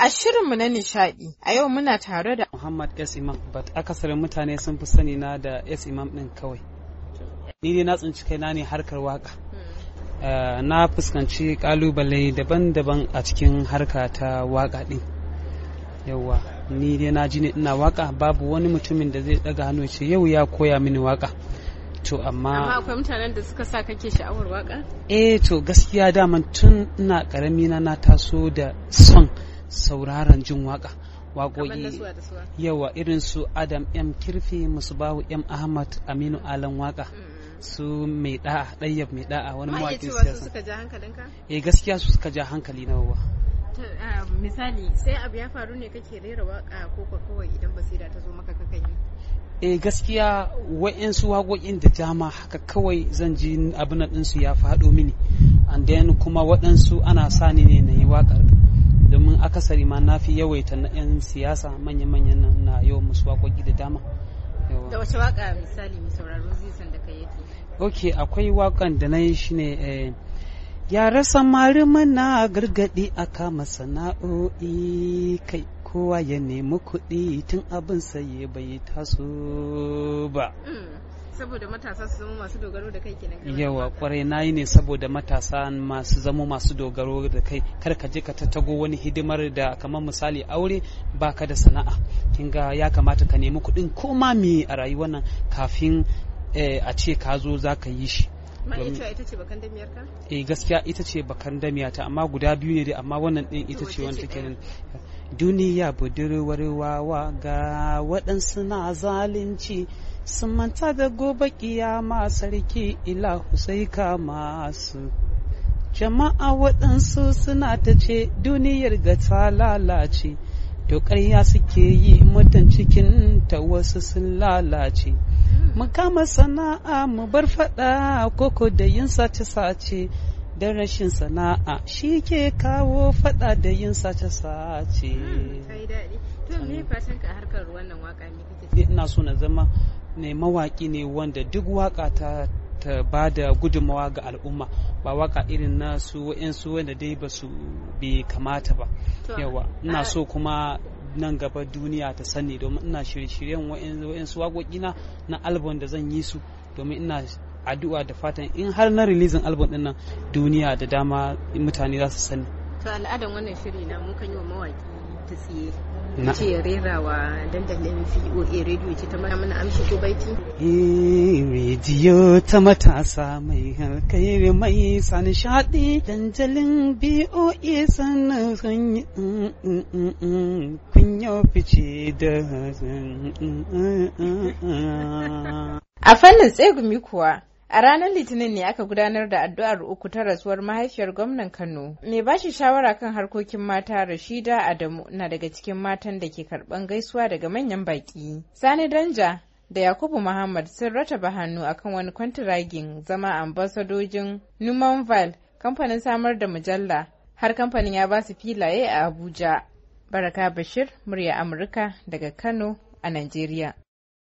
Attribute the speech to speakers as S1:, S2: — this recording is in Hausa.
S1: A shirinmu na nishadi a yau muna tare da Muhammad S. Imam, but akasarin mutane sun fi sani na da S. Imam ɗin kawai. Ni ne na tsinci kaina ne harkar waka. Eh, na fuskanci kalubale daban-daban a cikin harka ta waka ɗin. Yauwa ni ne na ji ne ina waka babu wani mutumin da zai ɗaga hannu ce yau ya koya mini waka. To amma Amma akwai mutanen da suka sa kake sha'awar waka? Eh to gaskiya daman tun ina ƙarami na na taso da son sauraron jin waka waƙoƙi yawa irin su adam m kirfi musu musbahu m ahmad aminu alan waka mm. su mai da'a ɗayyab mai da'a wani mawaƙin siyasa eh gaskiya su suka ja hankali na wawa ah, misali sai abu ya faru ne kake rera waka ko kawai idan basira ta zo maka kakan yi eh gaskiya wa'insu waƙoƙin da dama haka kawai zan ji abin ɗinsu ya faɗo mini and then kuma waɗansu ana sani ne na yi waƙar domin akasari ma na fi yawaita na 'yan siyasa manya-manyan na yau musu waƙoƙi da dama da wace waƙa misali mu sauraro zizan da ka yi. ok akwai waƙan da na yi shi ne eh, rasa samari mana gargaɗi a kama sana'o'i kai kowa ya nemi kuɗi tun abin saye bai taso ba mm. saboda matasa su zama masu dogaro da kai kenan yawa kwarai yi ne saboda matasa masu zama masu dogaro da kai kar ka je ka tattago wani hidimar da kamar misali aure baka da sana'a kin ga ya kamata ka nemi kuɗin koma me a rayuwar nan kafin eh, a ce ka zo za ka yi shi Eh, gaskiya ita ce bakan damiya ta amma guda biyu ne dai amma wannan din ita ce wanda take nan duniya budurwar wawa ga waɗansu na zalunci sun manta da gobe kiyama sarki ila sai ka masu jama'a waɗansu suna ta ce duniyar ga ta lalace to ƙarya suke yi mutan cikin ta wasu sun lalace hmm. kama sana'a mu bar faɗa koko da yin sace-sace da rashin sana'a shi ke kawo faɗa da yin sace-sace hmm, ina so na zama ne mawaƙi ne wanda duk waƙa ta ta ba da gudunmawa ga al'umma ba waka irin na su su wanda dai ba su bai kamata ba
S2: yawa ina so
S1: kuma nan gaba duniya ta sani domin ina shirye-shiryen wa'insu waƙoƙina na album da zan yi su domin ina addu'a da fatan in har na rilisin album ɗin nan duniya da dama mutane za su sani to al'adan wannan shiri na mun kan yi wa mawaƙi ta tsiye ce rerawa dandalin VOA radio ce ta mana amshi ko baiti eh radio ta matasa mai kai mai san shaɗi dandalin voa sannan sanyi mm, mm, mm, kun yau fice da a fannin tsegumi kuwa A ranar Litinin ne aka gudanar da addu'ar uku ta rasuwar mahaifiyar gwamnan Kano. Mai bashi shawara kan harkokin mata Rashida Adamu na daga cikin matan da ke karɓan gaisuwa daga manyan baƙi. Sani Danja da Yakubu Muhammad sun rataba hannu akan wani kwantiragin zama ambasadojin Numanval kamfanin samar da mujalla har kamfanin ya ba su filaye a Abuja. Baraka Bashir, murya Amurka daga Kano a Najeriya.